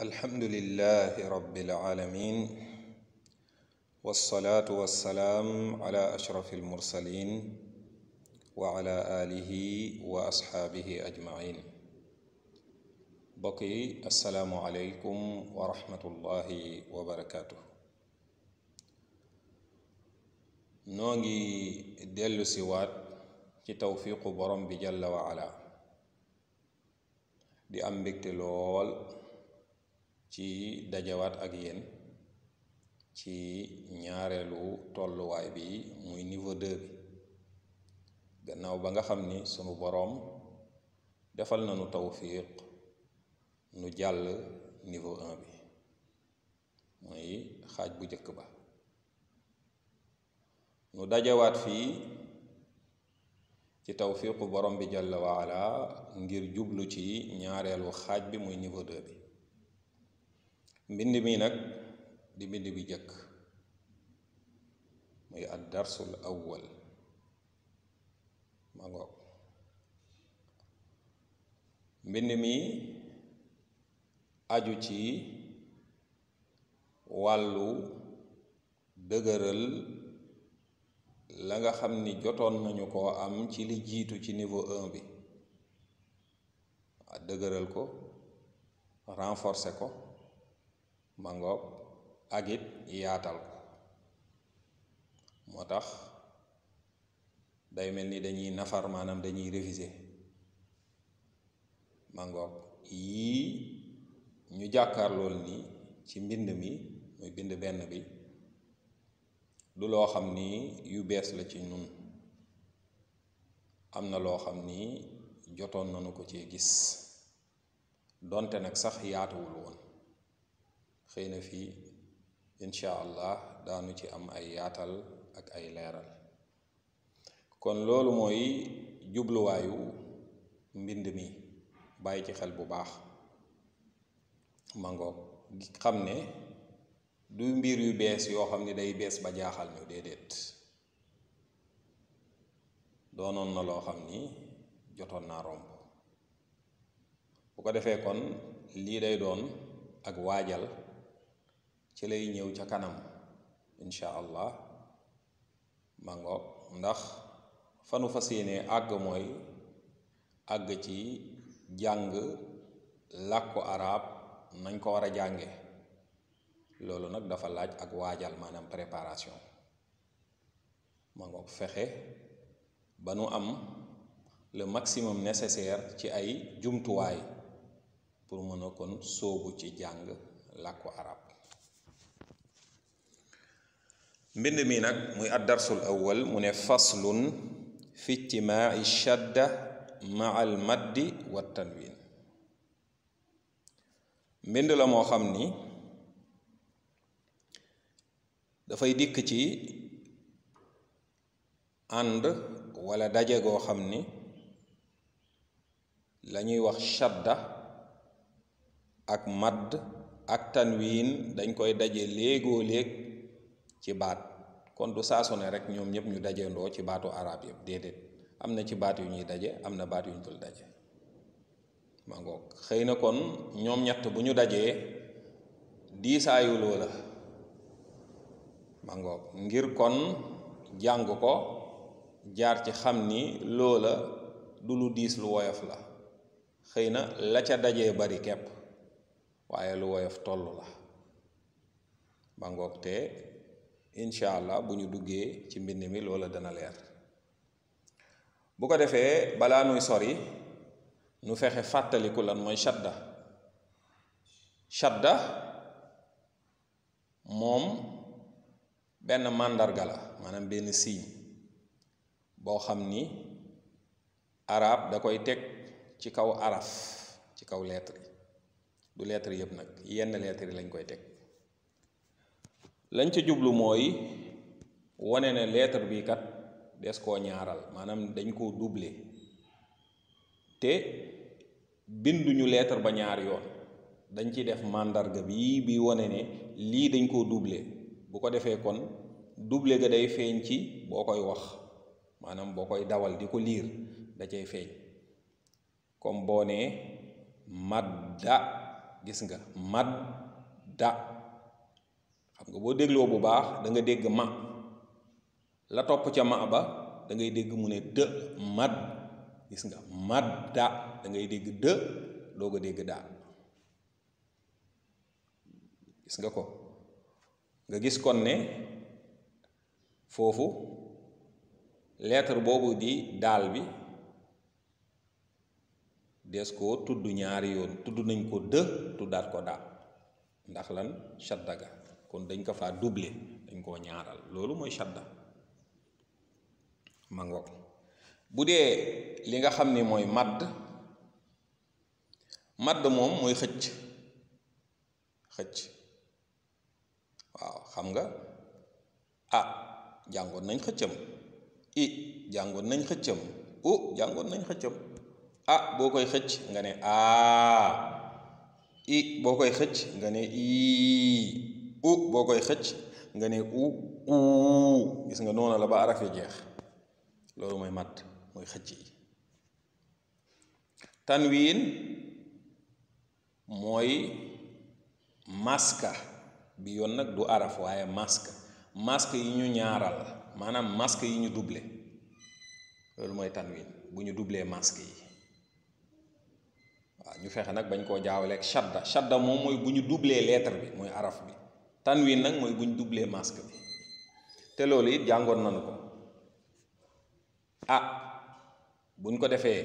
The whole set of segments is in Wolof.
الحمد لله رب العالمين والصلاة والسلام على أشرف المرسلين وعلى آله وأصحابه أجمعين بقي السلام عليكم ورحمة الله وبركاته نوغي ديلو سيوات ci tawfiqu borom bi jalla wa ala di am mbégte lool ci dajawaat ak yéen ci ñaareelu tolluwaay bi muy niveau 2 bi gannaaw ba nga xam ni sunu boroom defal nañu tawfiq nu jàll niveau 1 bi muy xaaj bu njëkk ba nu dajawaat fii ci tawfiqu borom bi jàll waala ngir jublu ci ñaareelu xaaj bi muy niveau 2 bi mbind mi nag di mbind bi jëkk muy ad darsul awwal ma mbind mi aju ci wàllu dëgëral la nga xam ni jotoon nañu ko am ci li jiitu ci niveau un bi dëgëral ko renforcer ko màngook ngoog ak it yaatal ko moo tax day mel ni dañuy nafar maanaam dañuy réviser màngook yii ñu jàkkaar lool ni ci mbind mi muy bind benn bi du loo xam ni yu bees la ci ñun am na loo xam ni jotoon nanu ko cee gis donte nag sax yaatuwul woon xëy na fii incha allah daanu ci am ay yaatal ak ay leeral kon loolu mooy jubluwaayu mbind mi bàyyi ci xel bu baax mangoog xam ne du mbir yu bees yoo xam ni day bees ba jaaxal ñu déedéet doonoon na loo xam ni jotoon naa romb bu ko defee kon lii day doon ak waajal ci lay ñëw ca kanam incha allah mango ndax fanu fas yéene àgg mooy àgg ci jàng làkku araab nañ ko war a jànge loolu nag dafa laaj ak waajal maanaam préparation mango fexe ba nu am le maximum nécessaire ci ay jumtuwaay pour mën a kon sóobu ci jàng làkku arab mbind mi nag muy addarsul awwal mu ne faslun fi ijtimaai shadda maa al maddi wa tanwin mbind la moo xam ni dafay dikk ci ànd walla daje goo xam ni lañuy wax shadda ak madd ak tanwin dañ koy daje léegoo léeg ci baat kon du saasone rek ñoom ñëpp ñu dajendoo ci baatu araab yëpp déedéet am na ci baat yu ñuy daje am na baat yu ñu dul daje ma xëy na kon ñoom ñett bu ñu dajee diisaayu loola ma ngoog ngir kon jàng ko jaar ci xam ni loola du lu diis lu woyof la xëy na la ca dajee bari kepp waaye lu woyof toll la ma te incha allah bu ñu duggee ci mbind mi loola dana leer bu ko defee balaa nuy sori nu fexe fàttaliku lan mooy shadda shadda moom benn màndarga la maanaam benn signe boo xam ni arab da koy teg ci kaw araf ci kaw lettre du lettre yépp nag yenn lettre yi lañ koy teg lañ ca jublu mooy wane ne lettre bi kat des koo ñaaral maanaam dañ koo duble te binduñu lettre ba ñaar yoon dañ ci def màndarga bii bi wane ne lii dañ koo duble bu ko defee kon duble ga day feeñ ci boo koy wax maanaam boo koy dawal di ko liir da cay feeñ comme boo nee madda gis nga madda xam nga boo dégloo bu baax da dégg ma la topp ca ma ba dangay dégg mu ne dë mad gis nga mat da dangay ngay dégg dë doo ko dégg daa gis nga ko nga gis kon ne foofu lettre boobu di daal bi des koo tudd ñaari yoon tudd nañ ko dë tuddaat ko daa ndax lan shaddaga kon dañ ko fa doubler dañ koo ñaaral loolu mooy shadda ma bu dee li nga xam ni mooy màdd màdd moom mooy xëcc xëcc waaw xam nga ah jàngoon nañ xëccam i jàngoon nañ xëccam u jàngoon nañ xëccam ah boo koy xëcc nga ne aa i boo koy xëcc nga ne ii u boo koy xëcc nga ne u uu gis nga noonu la ba araf jeex loolu mooy matt mooy xëcc yi tanwiin mooy maska bi yoon nag du araf waaye maska maska yi ñu ñaaral maanaam maska yi ñu duble loolu mooy tanwiin bu ñu dublee maska yi waaw ñu fexe nag bañ koo jaawaleeg shadda shadda moom mooy bu ñu doublé lettre bi mooy araf bi wii nag mooy buñ doublé masque bi te loolu it jàngoon nanu ko ah buñ ko defee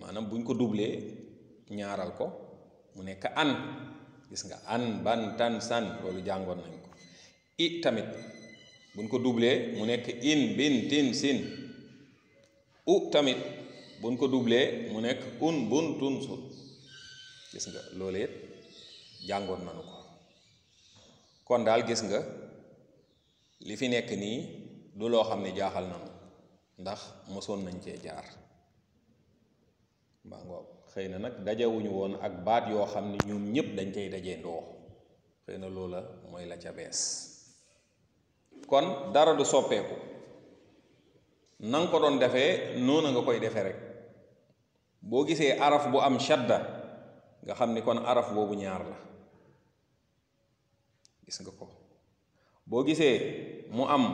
maanaam buñ ko dublee ñaaral ko mu nekk an gis nga an ban tan san loolu jàngoon nañ ko i tamit buñ ko dublee mu nekk in bin tin sin u tamit buñ ko dublee mu nekk un bun tun sun gis nga loolu it jàngoon nanu ko kon daal gis nga li fi nekk nii du loo xam ne jaaxal nañu ndax mosoon nañ cee jaar maa ngoog xëy na nag dajewuñu woon ak baat yoo xam ne ñoom ñépp dañ cay daje ndoo xëy na loola mooy la ca bees kon dara du soppeeku na ko doon defee noonu nga koy defee rek boo gisee araf bu am shadda nga xam ni kon araf boobu ñaar la gis nga ko boo gisee mu am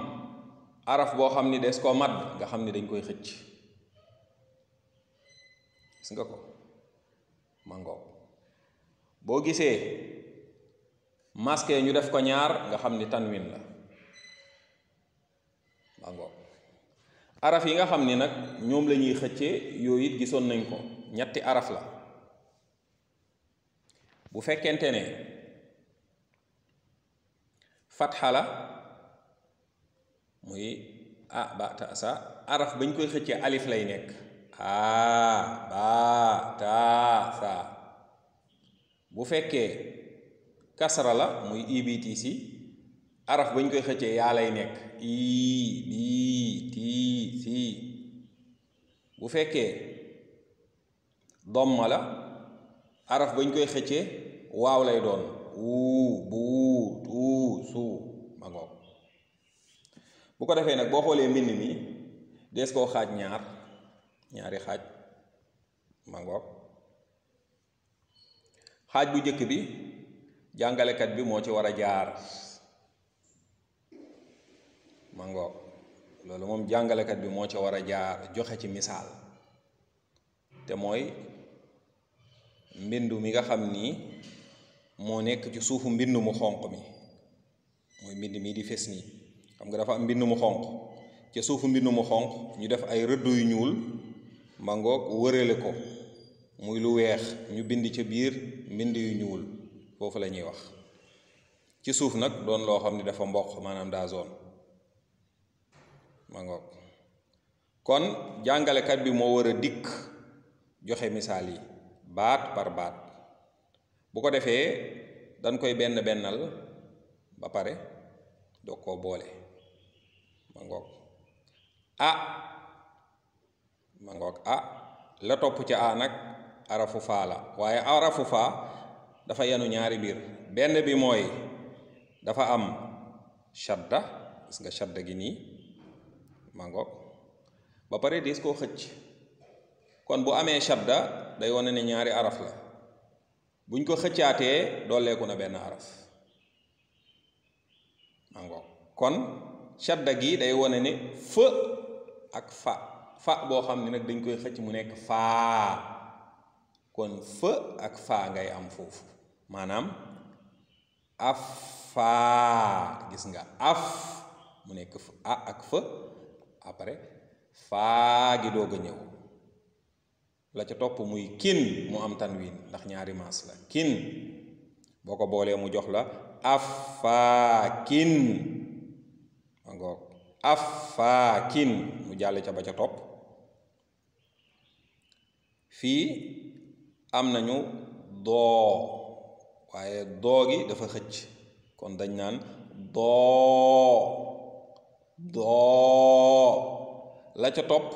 araf boo xam ni des koo mat nga xam ni dañ koy xëcc gis nga ko mangoo boo gisee masque ñu def ko ñaar nga xam ni tanwin la mangoo araf yi nga xam ni nag ñoom lañuy xëccee yooyu it gisoon nañ ko ñetti araf la bu fekkente ne fatxa la muy a ba ta sa araf bañ koy xëccee alif lay nekk a ba ta bu fekkee kasara la muy ibtc araf bañ koy xëccee yaa lay nekk i bi bu fekkee domma la araf bañ koy xëccee waaw lay doon wu bu tu su ma bu ko defee nag boo xoolee mbind mi des koo xaaj ñaar ñaari xaaj ma xaaj bu njëkk bi jàngalekat bi moo ci war a jaar ma loolu moom jàngalekat bi moo ci war a jaar joxe ci misaal te mooy mbindu mi nga xam nii moo nekk ci suufu mbind mu xonq mi mooy mbind mii di fes nii xam nga dafa am mbind mu xonq ca suufu mbind mu xonq ñu def ay rëdd yu ñuul mangoog wërale ko muy lu weex ñu bind ca biir mbind yu ñuul foofu la ñuy wax ci suuf nag doon loo xam ne dafa mboq maanaam daa zone mangoog kon jàngalekat bi moo war dikk joxe misaal yi baat par baat bu ko defee dañ koy benn bennal ba pare doo koo boole mangook ngoog a ma la topp ca a nag arafu faa la waaye arafu faa dafa yenu ñaari biir benn bi mooy dafa am shadda gis nga shadda gi nii ma ba pare des koo xëcc kon bu amee shadda day wane ne ñaari araf la buñ ko xëccaatee dooleeku na benn araf mango kon shadda gi day wone ne fë ak fa fa boo xam ne nag dañ koy xëcc mu nekk faa kon fë ak faa ngay am foofu maanaam af faa gis nga af mu nekk a ak fë après faa gi doog a ñëw la ca topp muy kin mu am tanwin ndax ñaari maas la kin boo ko boolee mu jox la afaakin ma ngoog afaakin mu jàll ca ba ca topp fii am nañu doo waaye doo gi dafa xëcc kon dañ naan doo doo la ca topp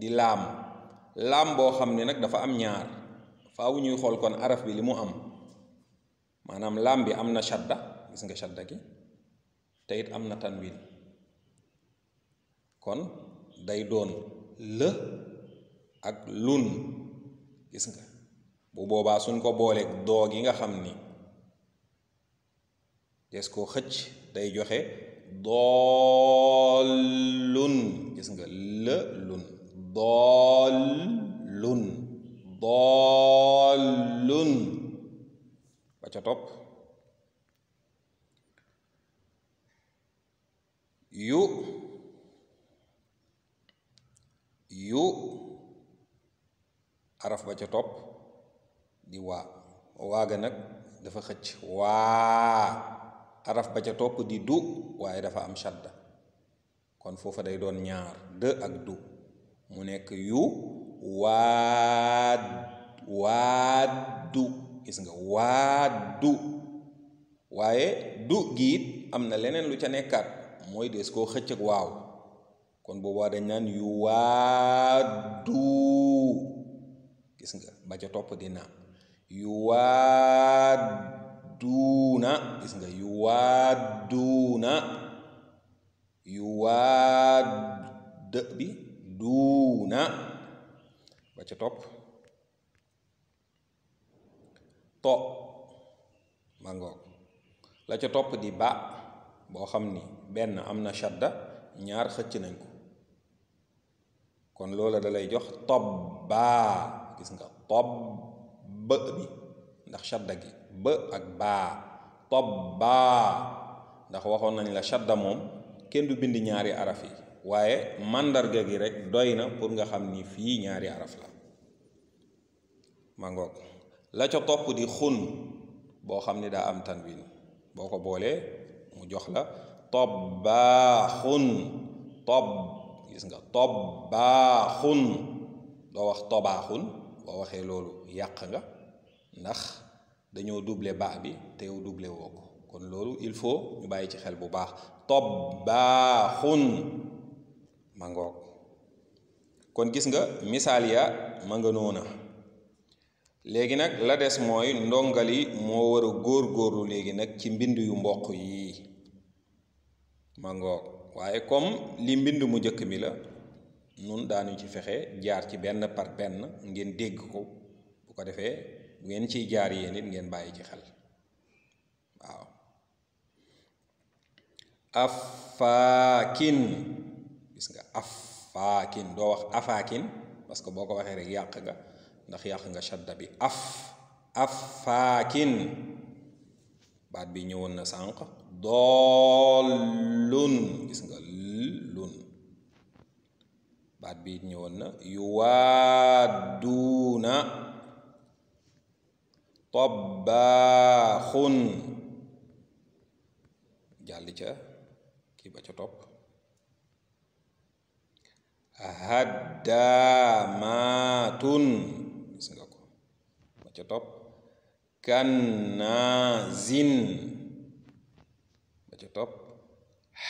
di laam laam boo xam ne nag dafa am ñaar faw ñuy xool kon araf bi li mu am maanaam laam bi am na shadda gis nga shadda gi te am na tanwin kon day doon lë ak lun gis nga bu boobaa suñ ko booleeg doo gi nga xam ni des koo xëcc day joxe doolun gis nga lë lun dallun dallun ba ca topp yu yu araf ba ca topp di waa waaga nag dafa xëcc waa araf ba ca topp di du waaye dafa am shadda kon foofa day doon ñaar dë ak du mu nekk yu waad waaddu gis nga waaddu waaye du giit am na leneen lu ca nekkaat mooy des koo xëcc waaw kon boobaa dañ naan yu waaddu gis nga ba ca topp na yu waadduuna gis nga yu na yu dë bi duuna ba ca topp to ma la ca topp di ba boo xam ni benn am na shadda ñaar xëcc nañ ko kon loola dalay jox tob baa gis nga tob bë bi ndax shadda gi bë ak baa tob ndax waxoon nañ la shadda moom kenn du bind ñaari araf yi waaye màndarga gi rek doy na pour nga xam ni fii ñaari araf la ma ngoog la ca topp di xun boo xam ni daa am tanwin boo ko boolee mu jox la tob baaxun tob gis nga tob baaxun doo wax tobaaxun boo waxee loolu yàq nga ndax dañoo doublé baax bi te yow woo ko kon loolu il faut ñu bàyyi ci xel bu baax tob baaxun ma kon gis nga misaal ya ma nga noona léegi nag la des mooy ndongali moo war góor-góorlu léegi nag ci mbind yu mboq yi ma waaye comme li mbind mu njëkk bi la nun daanu ci fexe jaar ci benn par benn ngeen dégg ko bu ko defee bu ngeen ciy jaar yéen it ngeen bàyyi ci xel waaw afaakin gis nga afaakin doo wax afaakin parce que boo ko waxee rek yàq nga ndax yàq nga shadda bi af afaakin baat bi ñëwoon na sànq doolun gis nga lun baat bi ñëwoon na yuwaaduuna tobbaaxun jàll ca kii ca topp haddaamatun gis nga ko ba ca topp kannaazin ba ca topp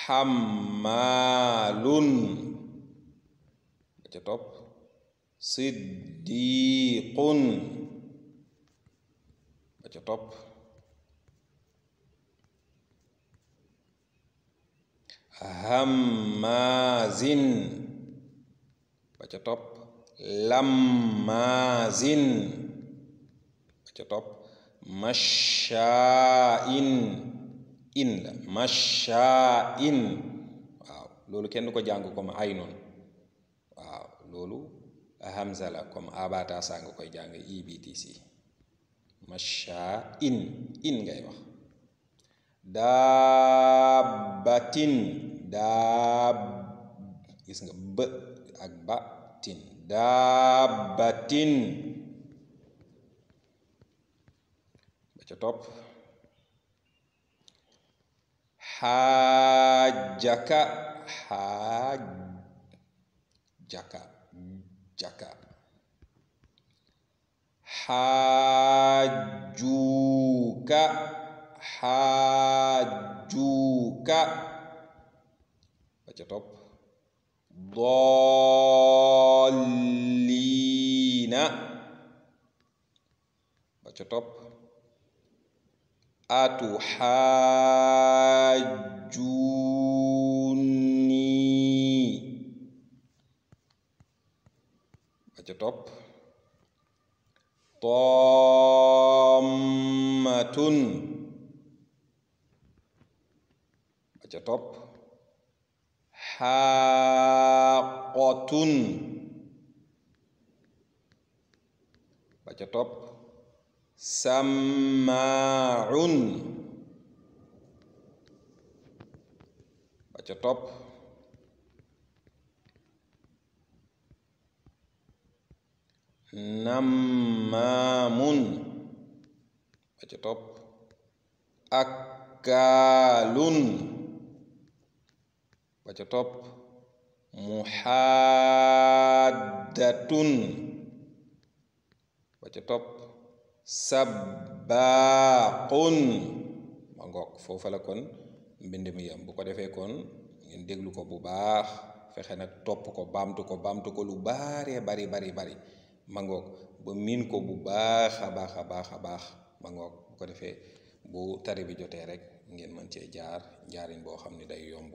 xammaalun ba ca ba ca topp hammaazin ba ca topp lammazin ba ca topp in waaw loolu kenn ko jàng comme ay noonu waaw loolu hamza comme abata koy jàng ibtc e mashaa'in in ngay wax daabatin daab gis nga bë ak ba dabbatin dabbatin ba ca topp xaajaka xaajaka jaka xaajuuka ca topp dolliina ba ca topp atu xaajuni ba ca topp tommatun ba ca topp xaaqotun ba ca topp sammaun ba ca topp nammaamun ba ca topp akkaalun ba top topp muhaddatun ba ca topp sabaaqun ma ngoog foofa la kon mbind mi yam bu ko defee kon ngeen déglu ko bu baax fexe nag topp ko baamtu ko baamtu ko lu baaree bari bari bari ma ba miin ko bu baax a baax a baax a baax ma ngoog bu ko defee bu tari bi jotee rek ngeen mën cee jaar jaarin boo xam ne day yomb